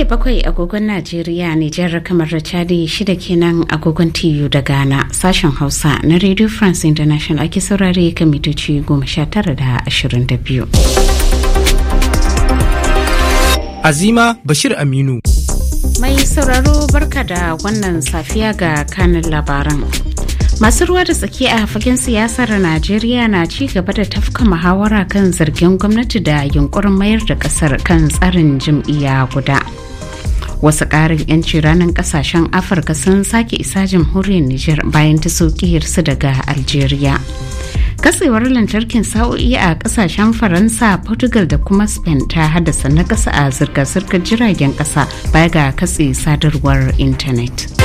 karfe bakwai agogon najeriya nijar kamar chadi shida kenan agogon tiyu da ghana sashen hausa na radio france international ake saurare kan mitoci goma sha tara da ashirin da biyu azima bashir aminu mai sauraro barka da wannan safiya ga kanin labaran masu ruwa da tsaki a fagen siyasar najeriya na ci gaba da tafka muhawara kan zargin gwamnati da yunkurin mayar da kasar kan tsarin jam'iyya guda wasu ƙarin 'yanci ranar ƙasashen afirka sun sake isa jamhuriyar niger bayan ta su daga algeria katsewar lantarkin sa'o'i a kasashen faransa portugal da kuma spain ta haddasa na kasa a zirga-zirgar jiragen kasa baya ga katse sadarwar intanet.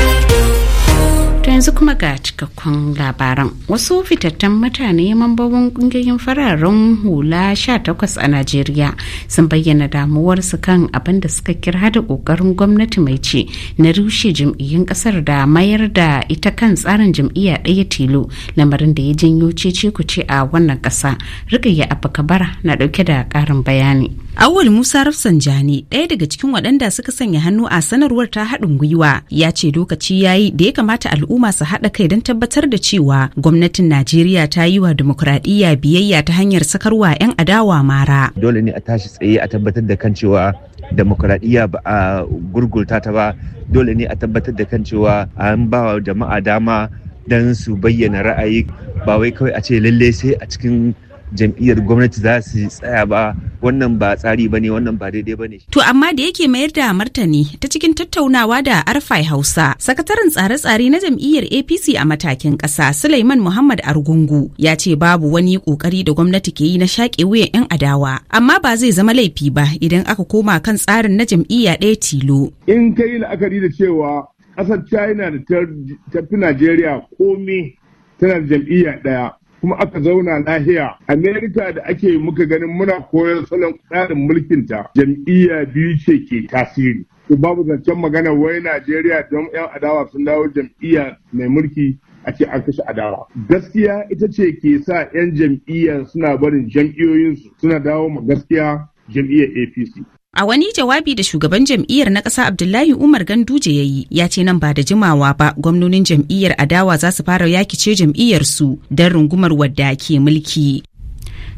yanzu kuma ga cikakkun labaran wasu fitattun mutane mambobin kungiyoyin fararen hula 18 a najeriya sun bayyana damuwarsu kan abin da suka kira da kokarin gwamnati mai ce na rushe jam'iyyun kasar da mayar da ita kan tsarin jam'iyya ɗaya tilo lamarin da ya janyo cece kuce a wannan ƙasa rikayya abu kabara na ɗauke da ƙarin bayani Awul Musa Rafsanjani ɗaya daga cikin waɗanda suka sanya hannu a sanarwar ta haɗin gwiwa ya ce lokaci ya yi da ya kamata al'umma su haɗa kai don tabbatar da cewa gwamnatin Najeriya ta yi wa demokuraɗiyya biyayya ta hanyar sakarwa 'yan adawa mara. Dole ne a tashi tsaye a tabbatar da kan cewa demokuraɗiyya ba a gurgulta ta ba dole ne a tabbatar da kan cewa an ba wa jama'a dama don su bayyana ra'ayi ba wai kawai a ce lalle sai a cikin jam'iyyar gwamnati za su tsaya ba wannan ba tsari ba ne wannan ba daidai ba ne. To amma da yake mayar da martani ta cikin tattaunawa da Arfai Hausa, sakataren tsare-tsare na jam'iyyar APC a matakin ƙasa Sulaiman Muhammad Argungu ya ce babu wani ƙoƙari da gwamnati ke yi na shaƙe wuyan 'yan adawa, amma ba zai zama laifi ba idan aka koma kan tsarin na jam'iyya ɗaya tilo. In ka yi la'akari da cewa ƙasar China da ta fi Najeriya komi tana da jam'iyya ɗaya. kuma aka zauna lahiya amerika da ake muka ganin muna koyar salon tsarin mulkinta jam'iyya biyu ce ke tasiri babu zancen magana wai najeriya don 'yan adawa sun dawo jam'iyya mai mulki a ce an kashe adawa gaskiya ita ce ke sa 'yan jam'iyya suna barin jam'iyyoyinsu suna dawo ma gaskiya jam'iyyar apc A wani jawabi da shugaban jam'iyyar na ƙasa Abdullahi Umar Ganduje ya yi, ya ce nan ba da jimawa ba gwamnonin jam'iyyar adawa za su fara yakice jam'iyyar su don rungumar wadda ke mulki.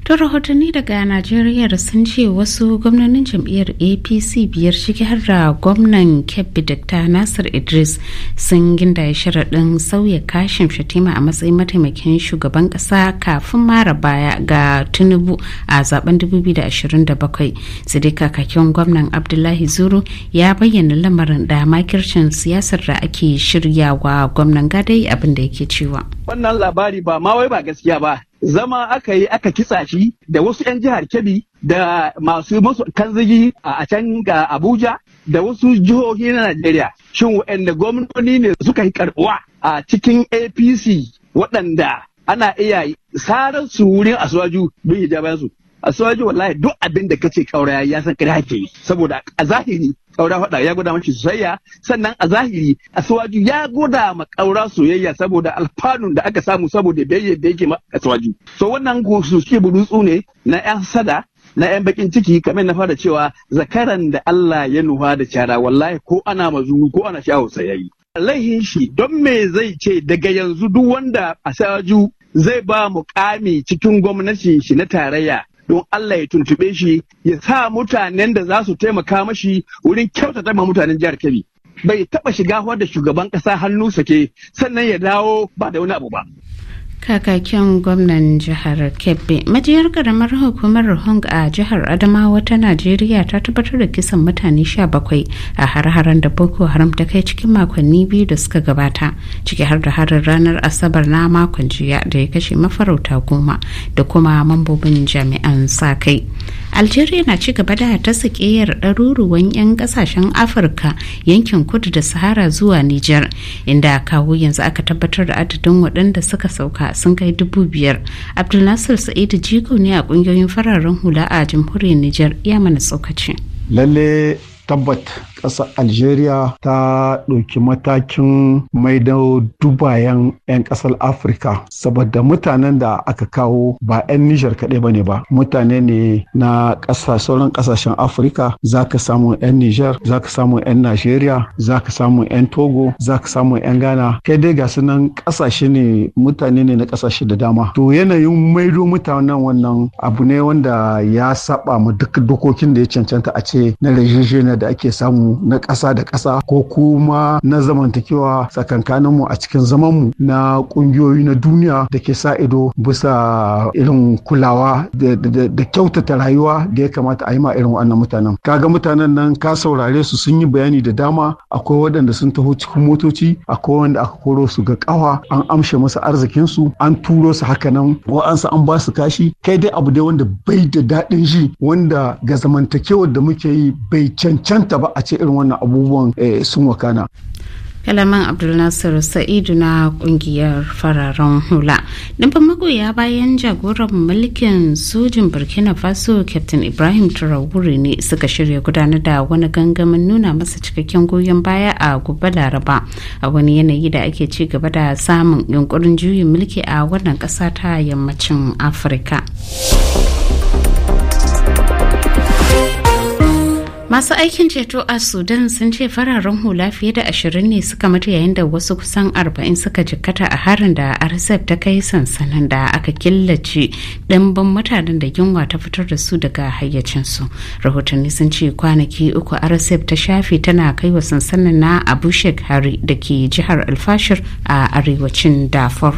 ta rahotanni daga najeriya da sun ce wasu gwamnonin jam'iyyar apc biyar ciki har da gwamnan kebbi dr nasir idris sun ginda sharaɗin sauya kashin Fatima a matsayin mataimakin shugaban ƙasa kafin mara baya ga tinubu a zaben 2027 sai kakakin gwamnan abdullahi zuru ya bayyana lamarin da makircin siyasar da ake shiryawa gwamnan gadai abin da yake cewa wannan labari ba ma wai ba gaskiya ba zama aka yi aka kitsa shi da wasu 'yan jihar Kebbi da masu masu kanzigi a can ga Abuja da wasu jihohi na Najeriya. Shin waɗanda gwamnoni ne suka yi karɓuwa a cikin APC waɗanda ana iya sarar su wurin asuwaju bin hijabansu. Asuwaju wallahi duk abin da kace kaurayi ya san kare hake saboda a zahiri ƙaura faɗa ya gwada mashi soyayya sannan a zahiri a suwaju ya gwada ma ƙaura soyayya saboda alfanun da aka samu saboda biyayyar da yake a suwaju so wannan suke burutsu ne na 'yan sada na 'yan bakin ciki kamar na fara cewa zakaran da Allah ya nuha da cara wallahi ko ana mazuru ko ana shawo sayayi laihin shi don me zai ce daga yanzu duk wanda a zai ba mu mukami cikin gwamnatin shi na tarayya don Allah ya tuntube shi ya sa mutanen da za su taimaka mashi wurin kyautata ma mutanen jihar Kebbi. Bai taɓa shiga da shugaban ƙasa hannu sake sannan ya dawo ba da wani abu ba. kakakin gwamnan jihar kebbi majiyar karamar hukumar hong a jihar adamawa ta najeriya ta tabbatar da kisan mutane 17 a har-haren da boko haram ta kai cikin makonni biyu da suka gabata ciki har da harin ranar asabar na makon jiya da ya kashe mafarauta goma da kuma mambobin jami'an sa kai algeria na ci gaba da ta yar ɗaruruwan 'yan ƙasashen afirka yankin kudu da sahara zuwa niger inda kawo yanzu aka tabbatar da adadin waɗanda suka sauka sun kai dubu biyar abdulnasir sa'idu jiko ne a ƙungiyoyin fararen hula a jamhuriyar niger ya mana tsokaci tabbat ƙasar algeria ta ɗauki matakin maido dubayen 'yan ƙasar afirka saboda mutanen da aka kawo ba 'yan nijar kaɗai ba ne ba mutane ne na ƙasa sauran ƙasashen afirka za ka samu 'yan nijar za ka samu 'yan najeriya za ka samu 'yan togo za ka samu 'yan ghana kai dai ga su nan ƙasashe ne mutane ne na ƙasashe da dama to yanayin maido mutanen wannan abu ne wanda ya saba ma duk dokokin da ya cancanta a ce na na da ake samu na ƙasa da ƙasa ko kuma na zamantakewa tsakankaninmu a cikin zamanmu na ƙungiyoyi na duniya da ke sa ido bisa irin kulawa da kyautata rayuwa da ya kamata a yi ma irin wannan mutanen kaga mutanen nan ka saurare su sun yi bayani da dama akwai waɗanda sun taho cikin motoci akwai wanda aka koro su ga ƙawa an amshe musu arzikinsu an turo su haka nan wa'ansu an ba su kashi kai dai abu dai wanda bai da daɗin ji wanda ga zamantakewar da muke yi bai cancanci cancanta ba a ce irin wannan abubuwan eh, sun wakana. kalaman abdulnasir sa'idu na kungiyar fararen hula dimban magoya bayan jagoran mulkin sojin burkina faso captain ibrahim traore ne suka shirya gudanar da wani gangamin nuna masa cikakken goyon baya a gobe laraba a wani yanayi da ake ci gaba da samun yunkurin juyin mulki a wannan ƙasa ta yammacin afirka Masu aikin ceto a Sudan sun ce fararen hula fiye da ashirin ne suka mutu yayin da wasu kusan arba'in suka jikkata a harin da RSF ta kai sansanin da aka killace ɗimbin mutanen da yunwa ta fitar da su daga hayyacinsu. Rahotanni sun ce kwanaki uku RSF ta shafe tana kai wa sansanin na Abu Shek da ke jihar Alfashir a arewacin Darfur.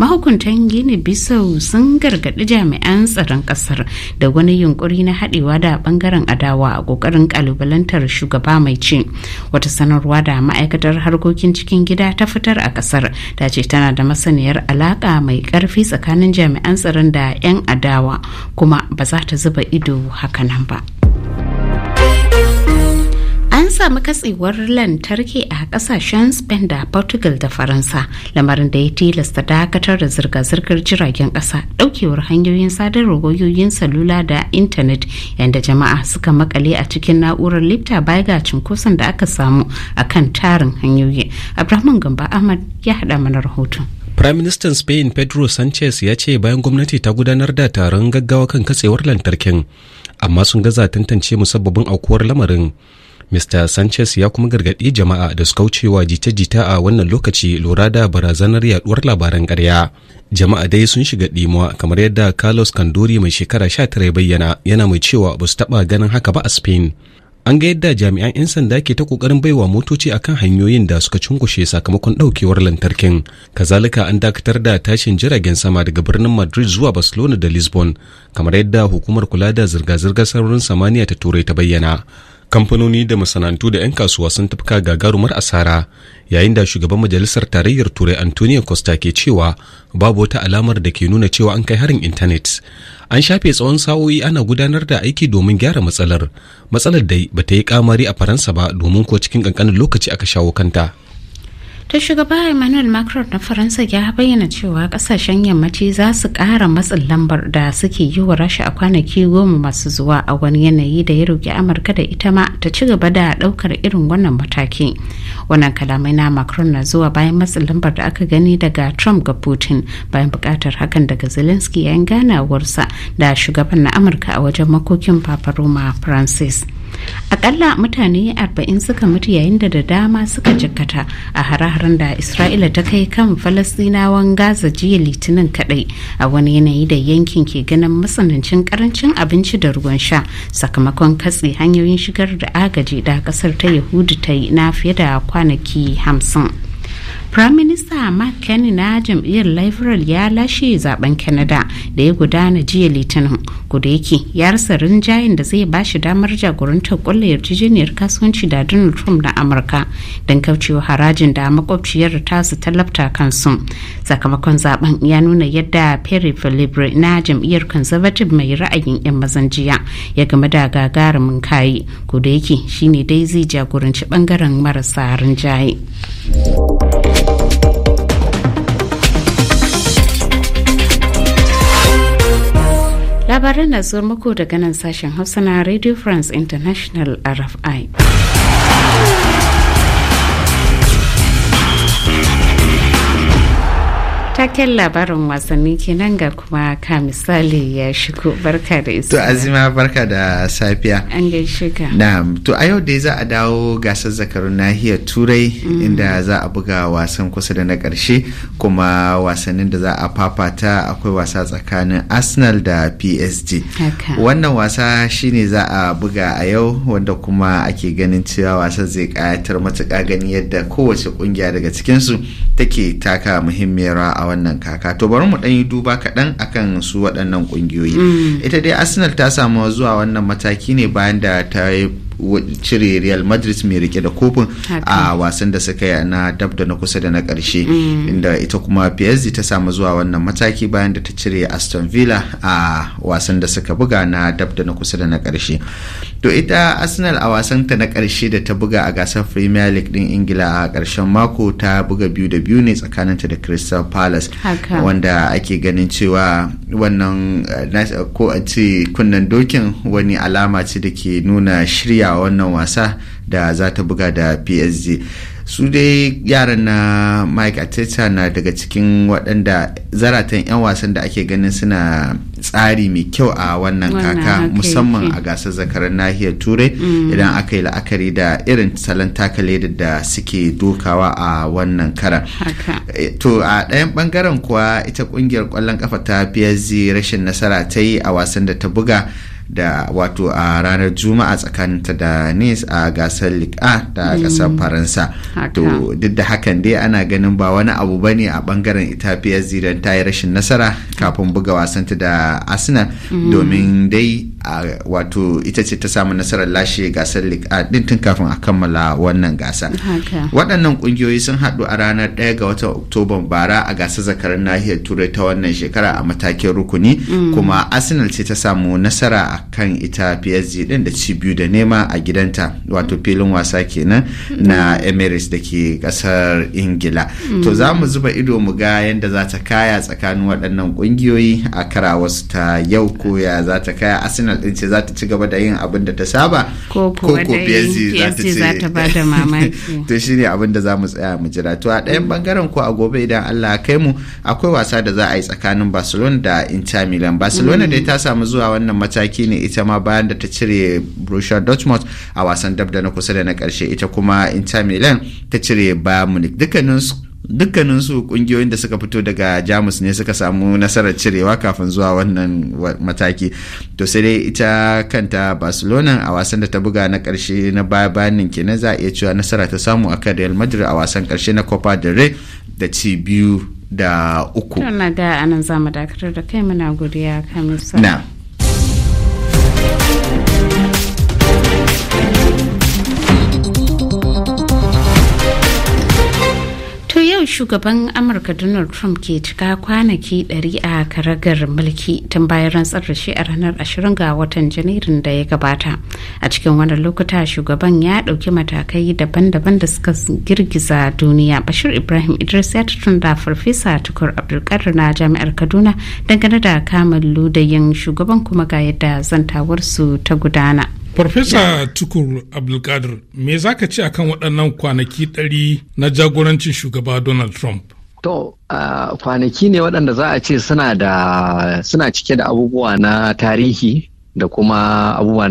mahukuntan gini bisau sun gargaɗi jami'an tsaron ƙasar da wani yunkuri na haɗewa da ɓangaren adawa a ƙoƙarin ƙalubalantar shugaba mai ci wata sanarwa da ma'aikatar harkokin cikin gida ta fitar a ƙasar ta ce tana da masaniyar alaƙa mai ƙarfi tsakanin jami'an tsaron da 'yan adawa kuma ba za ta zuba ido hakanan ba. samu katsewar lantarki a kasashen spain da portugal da faransa lamarin da ya tilasta dakatar da zirga-zirgar jiragen kasa daukewar hanyoyin sadarwar wayoyin salula da intanet yadda jama'a suka makale a cikin na'urar lifta baya ga cunkoson da aka samu a kan tarin hanyoyi abrahman gamba ahmad ya hada mana rahoton Prime Minister Spain Pedro Sanchez ya ce bayan gwamnati ta gudanar da taron gaggawa kan katsewar lantarkin, amma sun gaza tantance musabbabin aukuwar lamarin. Mr. Sanchez ya kuma gargaɗi jama'a da su kaucewa jita-jita a wannan lokaci lura da barazanar yaɗuwar labaran ƙarya. Jama'a dai sun shiga ɗimuwa kamar yadda Carlos Kanduri mai shekara 19 bayyana yana mai cewa ba su taɓa ganin haka ba a Spain. An ga yadda jami'an 'yan sanda ke ta ƙoƙarin baiwa motoci akan hanyoyin da suka cunkushe sakamakon ɗaukewar lantarkin. Kazalika an dakatar da tashin jiragen sama daga birnin Madrid zuwa Barcelona da Lisbon, kamar yadda hukumar kula da zirga-zirgar sararin samaniya ta turai ta bayyana. kamfanoni da masana'antu da 'yan kasuwa sun tafka gagarumar asara yayin da shugaban majalisar tarayyar turai antonio costa ke cewa babu wata alamar da ke nuna cewa an kai harin intanet an shafe tsawon sa'o'i ana gudanar da aiki domin gyara matsalar matsalar dai bata yi kamari a faransa ba domin ko cikin kankanin lokaci aka shawo kanta ta shugaba emmanuel macron na faransa ya bayyana cewa kasashen yammaci za su kara matsin lambar da suke yi wa rasha a kwanaki goma masu zuwa a wani yanayi da ya roki amurka da ita ma ta ci gaba da ɗaukar irin wannan mataki wannan kalamai na macron na zuwa bayan matsin lambar da aka gani daga trump ga putin bayan bukatar hakan daga zelensky yayin ganawarsa da shugaban na amurka a wajen makokin papa roma francis akalla mutane 40 suka mutu yayin da da dama suka jikkata a hare da isra'ila ta kai kan falastinawan gaza jiya litinin kadai a wani yanayi da yankin ke ganin matsanancin karancin abinci da ruwan sha sakamakon katse hanyoyin shigar da agaji da kasar ta yahudu ta yi na fiye da kwanaki 50 prime minister mark kenny na jam'iyyar liberal ya lashe zaben canada da ya gudana jiya litinin kuda yake ya rasa rinjayen da zai bashi damar jagorantar kulla yarjejeniyar kasuwanci da donald trump na amurka don kaucewa harajin da makwabciyar tasu talabta kansu sakamakon zaben ya nuna yadda perry filibre na jam'iyyar conservative mai ra'ayin 'yan mazan jiya ya game da gagarumin kayi kuda yake shine dai zai jagoranci bangaren marasa rinjaye. labaran na zuwa muku daga nan sashen hausa na radio france international rfi cikakken labarin wasanni kenan ga kuma ka misali ya shigo barka da isa to azima barka da safiya an gaishe ka na'am to a yau dai za a dawo gasar zakarun nahiyar turai mm. inda za a buga wasan kusa da na karshe kuma wasannin da za a fafata akwai wasa tsakanin arsenal da psg wannan wasa shine za a buga a yau wanda kuma ake ganin cewa wasan zai ƙayatar matuƙa gani yadda kowace ƙungiya daga cikinsu take taka muhimmiyar rawa wannan kaka to bari mu ɗan yi duba kaɗan akan su waɗannan ƙungiyoyi mm. ita dai arsenal ta samu zuwa wannan mataki ne bayan da ta cire real madrid mai rike da kofin a wasan da suka yi na dab da na kusa da na karshe mm. inda ita kuma psg ta samu zuwa wannan mataki bayan da ta cire aston villa a wasan da suka buga na dab da na kusa da na karshe To ita Arsenal a wasanta na karshe da ta buga a gasar Premier League ɗin Ingila a ƙarshen mako ta buga biyu da biyu ne tsakaninta da Crystal Palace. Wanda ake ganin cewa wannan eh, ko a ce kunnen dokin wani alama ce da ke nuna shirya wannan wasa da za ta buga da psg su dai yaran na mike ateta na daga cikin waɗanda zaratan 'yan wasan da ake ganin suna tsari mai kyau a wannan kaka musamman a gasar zakarar nahiyar turai mm. idan aka yi la'akari da irin salon takale da suke dokawa a wannan kara eh, to a ɗayan bangaren kuwa ita ƙungiyar ƙwallon ƙafa ta psg rashin nasara ta yi a wasan da ta buga da wato a ranar juma'a tsakaninta da nice a gasar lika da kasar mm. faransa to duk da hakan dai ana ganin ba wani abu ba ne a bangaren ita zidan ta yi rashin nasara kafin buga wasan ta da arsenal mm. domin dai a wato ita ce ta samu nasarar lashe gasar din tun kafin a kammala wannan gasa waɗannan ƙungiyoyi sun haɗu a ranar 1 ga watan oktoban bara a gasar zakarar nahiyar turai ta wannan shekara a matakin rukuni mm. kuma arsenal ce ta samu nasara a kan ita psg din da ci biyu da nema a gidanta wato filin wasa kenan na mm. emirates da ke ƙasar ingila mm. to za mu zuba ido mu ga yadda za ta kaya tsakanin waɗannan ƙungiyoyi a kara wasu ta yau ko ya za ta kaya arsenal arsenal din ce za ta ci gaba da yin abin da ta saba ko ko psg za ta ce to shine abin da za mu tsaya mu jira to a ɗayan bangaren ko a gobe idan allah kai mu akwai wasa da za a yi tsakanin barcelona da inter milan barcelona dai ta samu zuwa wannan mataki ne ita ma bayan da ta cire borussia dortmund a wasan dab da na kusa da na karshe ita kuma inter milan ta cire bayern munich dukkanin dukkanin su kungiyoyin da suka fito daga jamus ne suka samu nasarar cirewa kafin zuwa wannan mataki to sai dai ita kanta barcelona a wasan da ta buga na karshe na bayanin kenan za a iya cewa nasara ta samu a kan real madrid a wasan karshe na copa del rey da ci biyu da uku. Tana anan dakatar da kai muna godiya kamisa. yau shugaban amurka donald trump ke cika kwanaki 100 a karagar mulki tun bayan rantsar da shi a ranar 20 ga watan janairun da ya gabata a cikin wani lokuta shugaban ya ɗauki matakai daban-daban da suka girgiza duniya bashir ibrahim idris ya da farfesa tukur abdulkadir na jami'ar kaduna dangane da kamun ludayin shugaban kuma ga yadda zantawarsu ta gudana Farfesa Tukur Abdulkadir, me za ka ce akan waɗannan kwanaki ɗari na jagorancin shugaba Donald Trump? To, kwanaki ne waɗanda za a ce suna da suna cike da abubuwa na tarihi da kuma abubuwa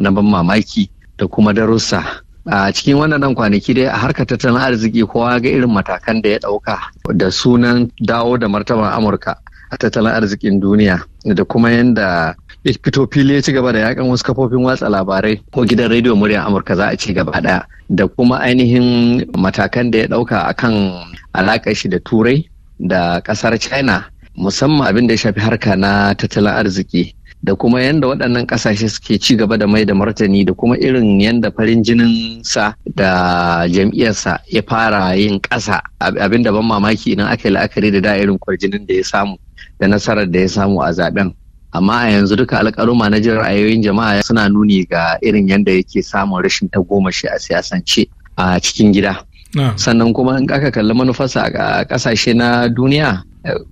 na ban mamaki da kuma darussa. A uh, cikin waɗannan kwanaki dai a harkar tattalin arziki kowa ga irin matakan da ya ɗauka da sunan dawo da martaban Amurka a tattalin arzikin duniya da kuma yadda fito fili ya ci gaba da yakan wasu kafofin watsa labarai ko gidan rediyo muryar amurka za a ci gaba daya da kuma ainihin matakan da ya dauka akan alakar shi da turai da kasar china musamman abin da ya shafi harka na tattalin arziki da kuma yadda waɗannan ƙasashe suke ci gaba da mai da martani da kuma irin yadda farin jinin sa da jam'iyyarsa ya fara yin ƙasa abin da ban mamaki idan aka yi la'akari da da irin kwarjinin da ya samu da nasarar da ya samu a zaben amma a yanzu duka alƙaluma na jin ra'ayoyin jama'a suna nuni ga irin yadda yake samun rashin tagomashi a siyasance a cikin gida sannan kuma in aka kalli manufarsa a ƙasashe na duniya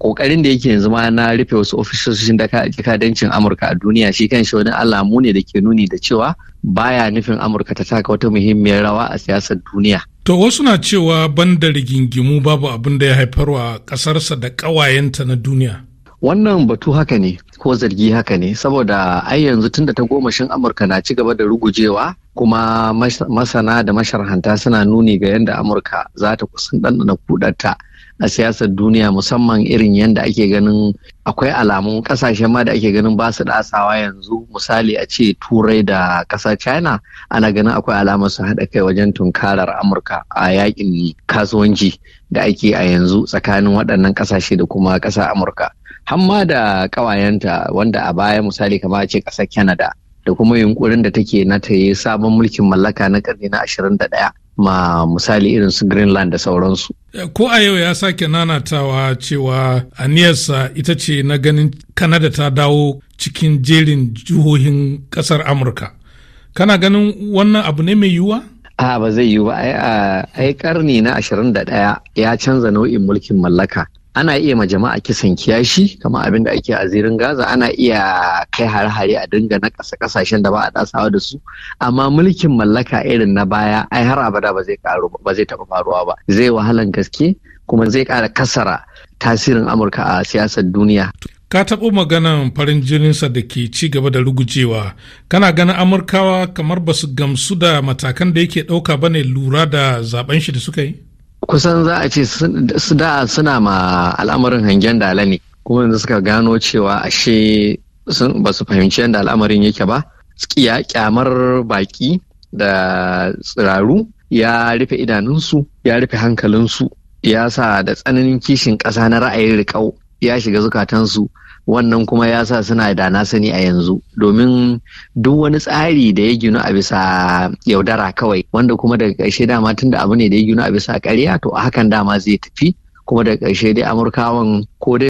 Ƙoƙarin da yake yanzu ma na rufe wasu ofisoshin jakadancin amurka a duniya shi kan shi wani alamu ne da ke nuni da cewa baya nufin amurka ta taka wata muhimmiyar rawa a siyasar duniya to wasu na cewa banda rigingimu babu abin da ya haifarwa ƙasarsa da ƙawayenta na duniya wannan batu haka ne ko zargi haka ne saboda ai yanzu tunda ta goma shin amurka na ci gaba da rugujewa kuma masana da masharhanta suna nuni ga yadda amurka za ta kusan ɗanɗana kudarta a siyasar duniya musamman irin yadda ake ganin akwai alamun kasashen ma da ake ganin ba su ɗasawa yanzu misali a ce turai da ƙasa china ana ganin akwai alamar su haɗa kai wajen tunkarar amurka a yakin kasuwanci da ake a yanzu tsakanin waɗannan ƙasashe da kuma ƙasa amurka hamma da kawayenta, wanda a baya misali kama a ce ƙasar Canada da kuma yunkurin da take na ta yi sabon mulkin mallaka na ƙarni na 21 ma misali irin su Greenland da sauransu. Eh, ko a yau ya sake nanatawa cewa aniyarsa ita ce na ganin Canada ta dawo cikin jerin jihohin ƙasar Amurka. Kana ganin wannan abu ne mai yiwuwa? a ba zai yiwu ba ai karni na 21 ya canza nau'in mulkin mallaka ana iya ma jama'a kisan kiyashi kamar abin da ake a zirin gaza ana iya kai hare-hare a dinga na ƙasa ƙasashen da ba a ɗasawa da su amma mulkin mallaka irin na baya ai har abada ba zai karu ba zai taɓa faruwa ba zai wahalan gaske kuma zai ƙara kasara tasirin amurka a siyasar duniya ka taɓo maganan farin jininsa da ke ci gaba da rugujewa kana ganin amurkawa kamar ba su gamsu da matakan da yake ɗauka ba ne lura da zaben shi da suka yi kusan za a ce su da suna ma al'amarin hangen dala ne kuma yanzu suka gano cewa ashe ba su fahimci yadda al'amarin yake ba tsiya kyamar baki da tsiraru ya rufe idanunsu ya rufe hankalinsu ya sa da tsananin kishin ƙasa na ra'ayin riƙau ya shiga zukatansu wannan kuma ya sa suna da na sani a yanzu domin duk wani tsari da ya ginu a bisa yaudara kawai wanda kuma daga ƙarshe dama tun da abu ne da ya ginu a bisa ƙarya to hakan dama zai tafi kuma daga ƙarshe dai amurkawan ko dai